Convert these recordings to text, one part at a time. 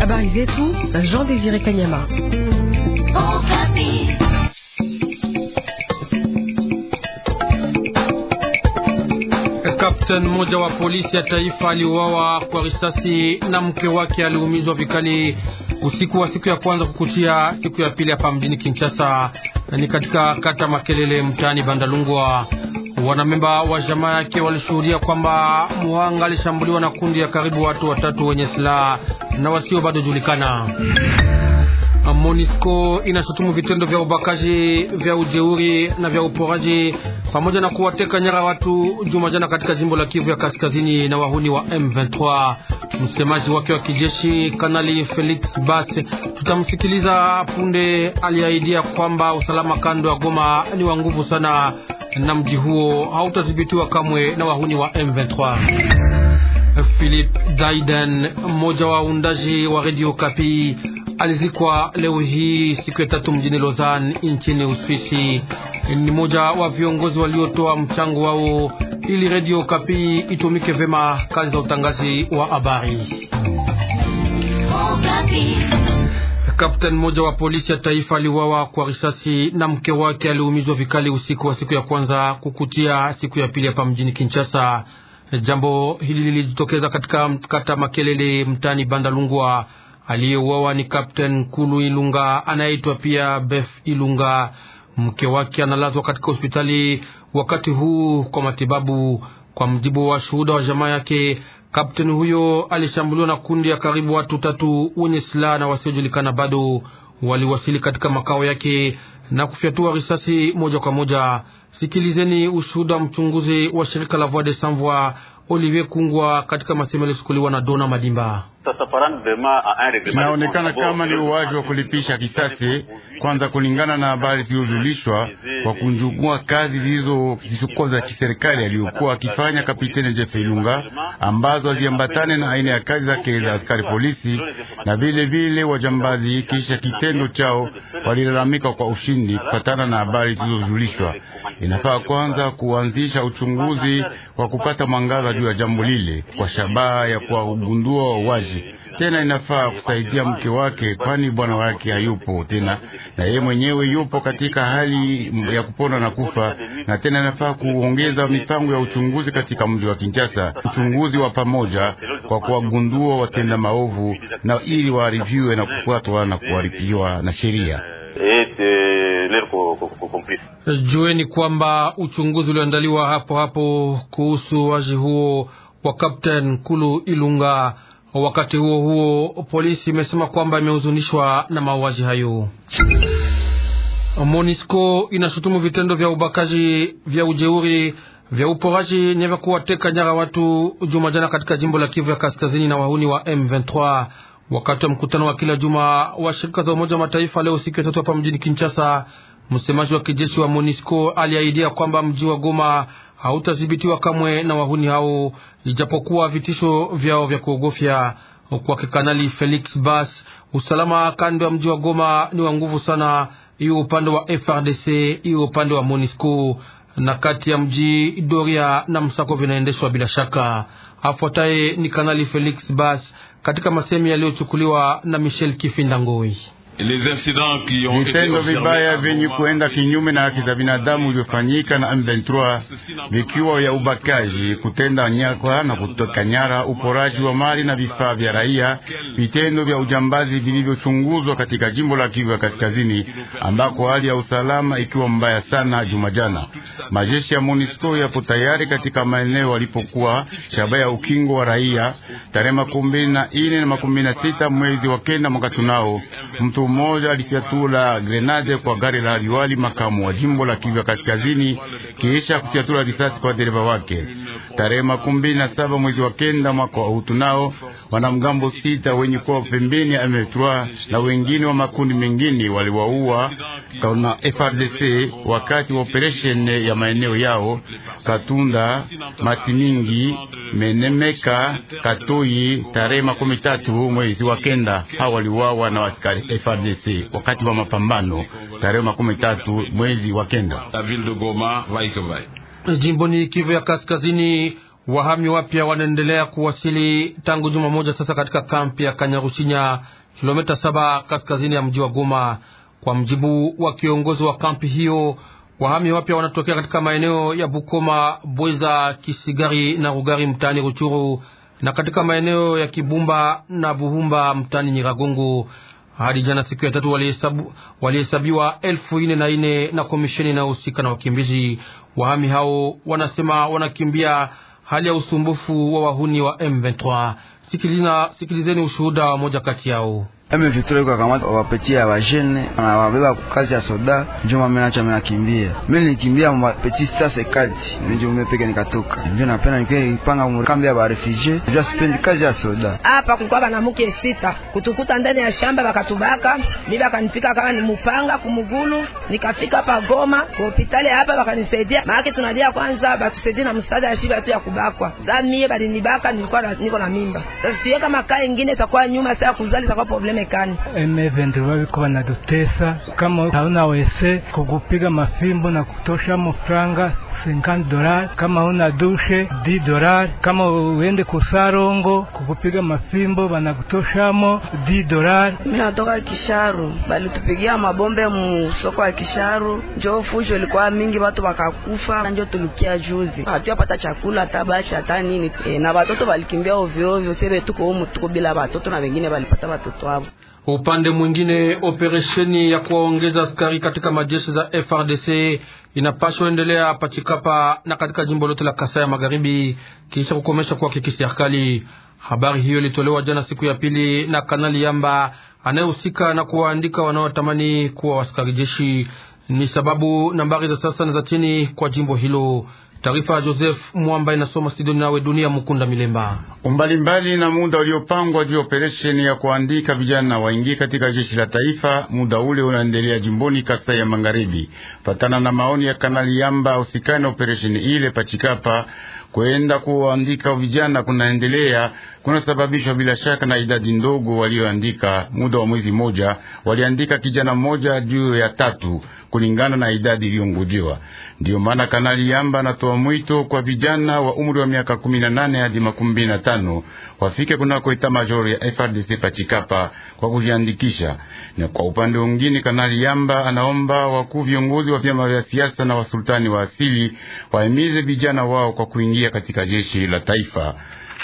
Habari zetu na Jean Désiré Kanyama. Kapteni mmoja wa polisi ya taifa aliuawa kwa risasi na mke wake aliumizwa vikali usiku wa siku ya kwanza kukutia siku ya pili hapa mjini Kinshasa, ni katika kata Makelele mtaani Bandalungwa. Wanamemba wa jamaa yake walishuhudia kwamba muhanga alishambuliwa na kundi ya karibu watu watatu wenye silaha na wasio bado julikana. Monisco inashutumu vitendo vya ubakaji, vya ujeuri na vya uporaji pamoja na kuwateka nyara watu juma jana katika jimbo la Kivu ya Kaskazini na wahuni wa M23. Msemaji wake wa kijeshi Kanali Felix Base, tutamsikiliza punde, aliahidia kwamba usalama kando ya Goma ni wa nguvu sana na mji huo hautadhibitiwa kamwe na wahuni wa M23. Philip Daiden, mmoja wa undaji wa Radio Kapi, alizikwa leo hii siku ya tatu mjini Lausanne nchini Uswisi. Ni mmoja wa viongozi waliotoa mchango wao ili Radio Kapi itumike vema kazi za utangazi wa habari. Kapteni mmoja wa polisi ya taifa aliuawa kwa risasi na mke wake aliumizwa vikali usiku wa siku ya kwanza kukutia siku ya pili hapa mjini Kinshasa. Jambo hili lilijitokeza katika kata Makelele mtani Bandalungwa. Aliyeuawa ni Kapteni Kulu Ilunga anayeitwa pia Bef Ilunga. Mke wake analazwa katika hospitali wakati huu kwa matibabu. Kwa mjibu wa shuhuda wa jamaa yake, Kapteni huyo alishambuliwa na kundi ya karibu watu tatu wenye silaha na wasiojulikana bado waliwasili katika makao yake na kufyatua risasi moja kwa moja. Sikilizeni ushuhuda mchunguzi wa shirika la Voix des Sans Voix Olivier Kungwa katika masemo yaliyochukuliwa na Dona Madimba. Inaonekana kama ni uwaji wa kulipisha kisasi, kwanza kulingana na habari zilizojulishwa kwa kunjugua kazi zilizokuwa za kiserikali aliyokuwa akifanya Kapiteni Jeff Ilunga, ambazo haziambatane na aina ya kazi zake za askari polisi. Na vile vile wajambazi, kisha kitendo chao, walilalamika kwa ushindi. Kufatana na habari zilizojulishwa, inafaa kwanza kuanzisha uchunguzi wa kupata mwangaza juu ya jambo lile kwa shabaha ya kuwagundua uwaji kazi Tena inafaa kusaidia mke wake, kwani bwana wake hayupo tena na yeye mwenyewe yupo katika hali ya kupona na kufa. Na tena inafaa kuongeza mipango ya uchunguzi katika mji wa Kinshasa, uchunguzi wa pamoja kwa kuwagundua watenda maovu, na ili waharibiwe na kufuatwa na kuharibiwa na sheria. Jueni kwamba uchunguzi ulioandaliwa hapo hapo kuhusu waji huo wa Kapten Kulu Ilunga Wakati huo huo, polisi imesema kwamba imehuzunishwa na mauaji hayo. Monisco inashutumu vitendo vya ubakaji, vya ujeuri, vya uporaji na vya kuwateka nyara watu jumajana katika jimbo la Kivu ya Kaskazini na wahuni wa M23 wakati wa mkutano wa kila juma wa shirika za Umoja wa Mataifa leo siku ya tatu hapa mjini Kinshasa. Msemaji wa kijeshi wa MONUSCO aliahidia kwamba mji wa Goma hautadhibitiwa kamwe na wahuni hao, ijapokuwa vitisho vyao vya kuogofya. Kwake Kanali Felix Bas, usalama kando ya mji wa Goma ni wa nguvu sana, iwe upande wa FRDC iwe upande wa MONUSCO na kati ya mji doria na msako vinaendeshwa bila shaka. Afuataye ni Kanali Felix Bas katika masemi yaliyochukuliwa na Michel Kifindangoi vitendo vibaya vyenye kuenda kinyume na haki za binadamu vilivyofanyika na M23 vikiwa vya ubakaji, kutenda nyakwa na kutoka nyara, uporaji wa mali na vifaa vya raia, vitendo vya ujambazi vilivyochunguzwa katika jimbo la Kivu ya Kaskazini ambako hali ya usalama ikiwa mbaya sana. Jumajana majeshi ya MONUSCO yapo tayari katika maeneo alipokuwa shaba ya ukingo wa raia tarehe makumi mbili na ine na makumi mbili na sita mwezi wa kenda mwaka tunao mtu mtu mmoja lifyatula grenade kwa gari la liwali makamu wa jimbo la Kivu Kaskazini kisha kufyatula risasi kwa dereva wake tarehe makumi mbili na saba mwezi wa kenda mwaka wa Nao wanamgambo sita wenye kuwa pembeni ya M23 na wengine wa makundi mengine waliwaua na frdc wakati wa operesheni ya maeneo yao Katunda, Matiningi, Menemeka, Katoi tarehe makumi tatu mwezi wa kenda. Hawa waliwawa na askari frdc wakati wa mapambano tarehe makumi tatu mwezi wa kenda. Jimboni Kivu ya Kaskazini, wahami wapya wanaendelea kuwasili tangu juma moja sasa katika kampi ya Kanyarusinya, kilomita saba kaskazini ya mji wa Goma. Kwa mjibu wa kiongozi wa kampi hiyo, wahami wapya wanatokea katika maeneo ya Bukoma, Bweza, Kisigari na Rugari mtaani Ruchuru, na katika maeneo ya Kibumba na Buhumba mtaani Nyiragongo. Hadi jana siku ya tatu walihesabiwa elfu ine na ine na komisheni inayohusika na wakimbizi Wahami hao wanasema wanakimbia hali ya usumbufu wa wahuni wa M23. Sikilizeni ushuhuda wa moja kati yao eme vitole kwa kamata wapetia wapatia wajene na wabeba kukazi ya soda, njo mami nacho amekimbia. Mimi nikimbia mwapeti sasa kati njo mimi peke nikatoka, njo napenda nikae ipanga mkambi ya barefije, njo sipendi kazi ya soda. Hapa kulikuwa bana mke sita kutukuta ndani ya shamba, bakatubaka mimi, bakanipika kama ni mupanga kumugulu. Nikafika pa Goma kwa hospitali hapa, bakanisaidia maana tunalia kwanza, batusaidie na msaada ya shiba tu ya kubakwa. Sasa mimi balinibaka, nilikuwa niko na mimba. Sasa siweka makaa ingine itakuwa nyuma, sasa kuzali itakuwa problem Marekani. Emeve ndio wabiko dutesa kama hauna wese kukupiga mafimbo na kutosha mfranga 50 dolari kama una dushe 10 dolari kama uende kusarongo kukupiga mafimbo wanakutoshamo 10 dolari. Mimi natoka Kisharu, bali tupigia mabombe mu soko ya Kisharu, njo fujo ilikuwa mingi, watu wakakufa, njo tulukia juzi, hatuyapata chakula hata bashi hata nini e, na watoto walikimbia ovyo ovyo, sebe tuko huko tuko bila watoto na wengine bali kupata watoto wao. Upande mwingine, operesheni ya kuwaongeza askari katika majeshi za FRDC inapaswa endelea pachikapa na katika jimbo lote la Kasai ya Magharibi kisha kukomesha kwake kiserikali. Habari hiyo ilitolewa jana siku ya pili na Kanali Yamba anayehusika na kuwaandika wanaotamani kuwa askari jeshi. Ni sababu nambari za sasa na za chini kwa jimbo hilo Taarifa ya Joseph Mwamba inasoma studio nawe dunia Mukunda Milemba. Umbali mbali na muda uliopangwa juu operesheni ya kuandika vijana waingie katika jeshi la taifa, muda ule unaendelea jimboni Kasai ya Magharibi. Patana na maoni ya Kanali Yamba usikane operesheni ile pachikapa kwenda kuandika vijana kunaendelea kunasababishwa bila shaka na idadi ndogo walioandika. Muda wa mwezi moja waliandika kijana mmoja juu ya tatu kulingana na idadi iliyongojewa. Ndiyo maana Kanali Yamba anatoa mwito kwa vijana wa umri wa miaka kumi na nane hadi makumi mbili na tano wafike kunako eta majori ya FRDC Pachikapa kwa kujiandikisha. Na kwa upande mwingine, Kanali Yamba anaomba wakuu viongozi wa vyama vya siasa na wasultani wa asili wahimize vijana wao kwa kuingia katika jeshi la taifa.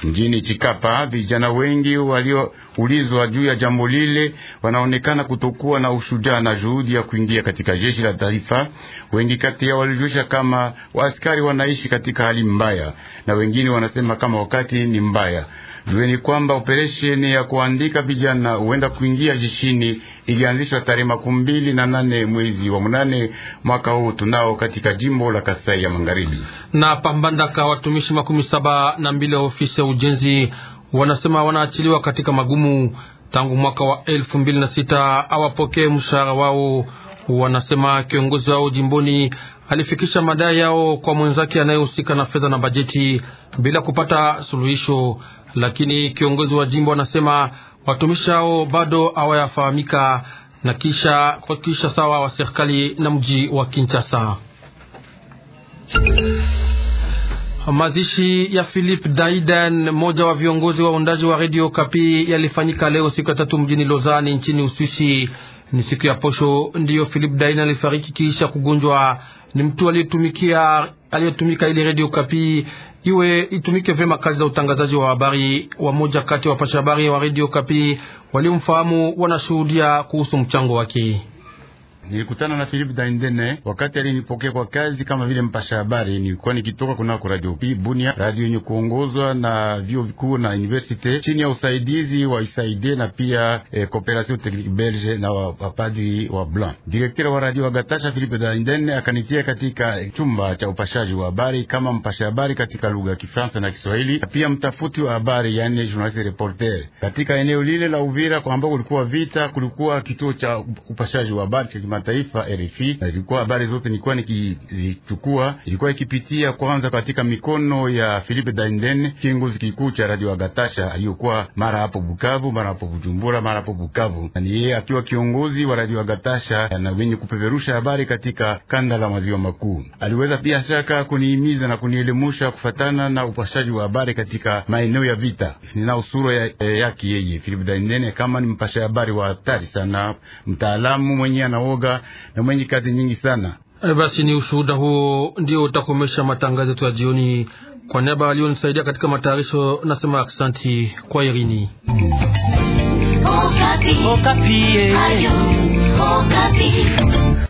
Mjini Chikapa, vijana wengi walioulizwa juu ya jambo lile wanaonekana kutokuwa na ushujaa na juhudi ya kuingia katika jeshi la taifa. Wengi kati yao walijulisha kama waaskari wanaishi katika hali mbaya, na wengine wanasema kama wakati ni mbaya. Jueni kwamba operesheni ya kuandika vijana huenda kuingia jeshini ilianzishwa tarehe makumi mbili na nane mwezi wa munane mwaka huu tunao katika jimbo la Kasai ya Magharibi. Na pambandaka watumishi makumi saba na mbili ya ofisi ya ujenzi wanasema wanaachiliwa katika magumu tangu mwaka wa elfu mbili na sita awapokee mshahara wao, wanasema kiongozi wao jimboni alifikisha madai yao kwa mwenzake anayehusika na fedha na bajeti bila kupata suluhisho, lakini kiongozi wa jimbo anasema watumishi hao bado hawayafahamika na kisha kuhakikisha sawa wa serikali na mji wa Kinshasa. Mazishi ya Philip Daiden, mmoja wa viongozi wa undaji wa redio Kapi, yalifanyika leo siku ya tatu mjini Lozani nchini Uswisi. Ni siku ya posho ndiyo Philip Daiden alifariki kisha kugonjwa ni mtu aliyetumikia aliyetumika ili Radio Kapi iwe itumike vema kazi za utangazaji wa habari. Wamoja kati ya wapasha habari wa Radio Kapi waliomfahamu wanashuhudia kuhusu mchango wake nilikutana na Philip Daindene wakati alinipokea kwa kazi kama vile mpasha habari. Nilikuwa nikitoka kunako Radio P Bunia, radio yenye kuongozwa na vyuo vikuu na universite chini ya usaidizi wa Isaide na pia eh, Cooperation Technique Belge na wapadri wa, wa Blanc. Direktera wa radio agatasha Philip Daindene akanitia katika eh, chumba cha upashaji wa habari kama mpasha habari katika lugha ya Kifaransa na Kiswahili na pia mtafuti wa habari, yani journaliste reporter, katika eneo lile la Uvira ambao kulikuwa vita, kulikuwa kituo cha upashaji wa habari kimataifa RFI, na zilikuwa habari zote nilikuwa nikizichukua, ilikuwa ikipitia kwanza katika mikono ya Philippe Daindene, kiongozi kikuu cha Radio Agatasha aliyokuwa mara hapo Bukavu, mara hapo Bujumbura, mara hapo Bukavu, na ni yeye akiwa kiongozi wa Radio Agatasha na wenye kupeperusha habari katika kanda la maziwa makuu. Aliweza pia shaka kunihimiza na kunielimusha kufatana na upashaji wa habari katika maeneo ya vita. Nina usura eh, yake ya yeye Philippe Daindene kama ni mpasha habari wa hatari sana, mtaalamu mwenye anaoga bora na mwenye kazi nyingi sana. Eh, basi ni ushuhuda huo ndio utakomesha matangazo yetu ya jioni. Kwa niaba alionisaidia katika matayarisho, nasema aksanti kwa Irini Okapi. Okapi. Eh. Okapi.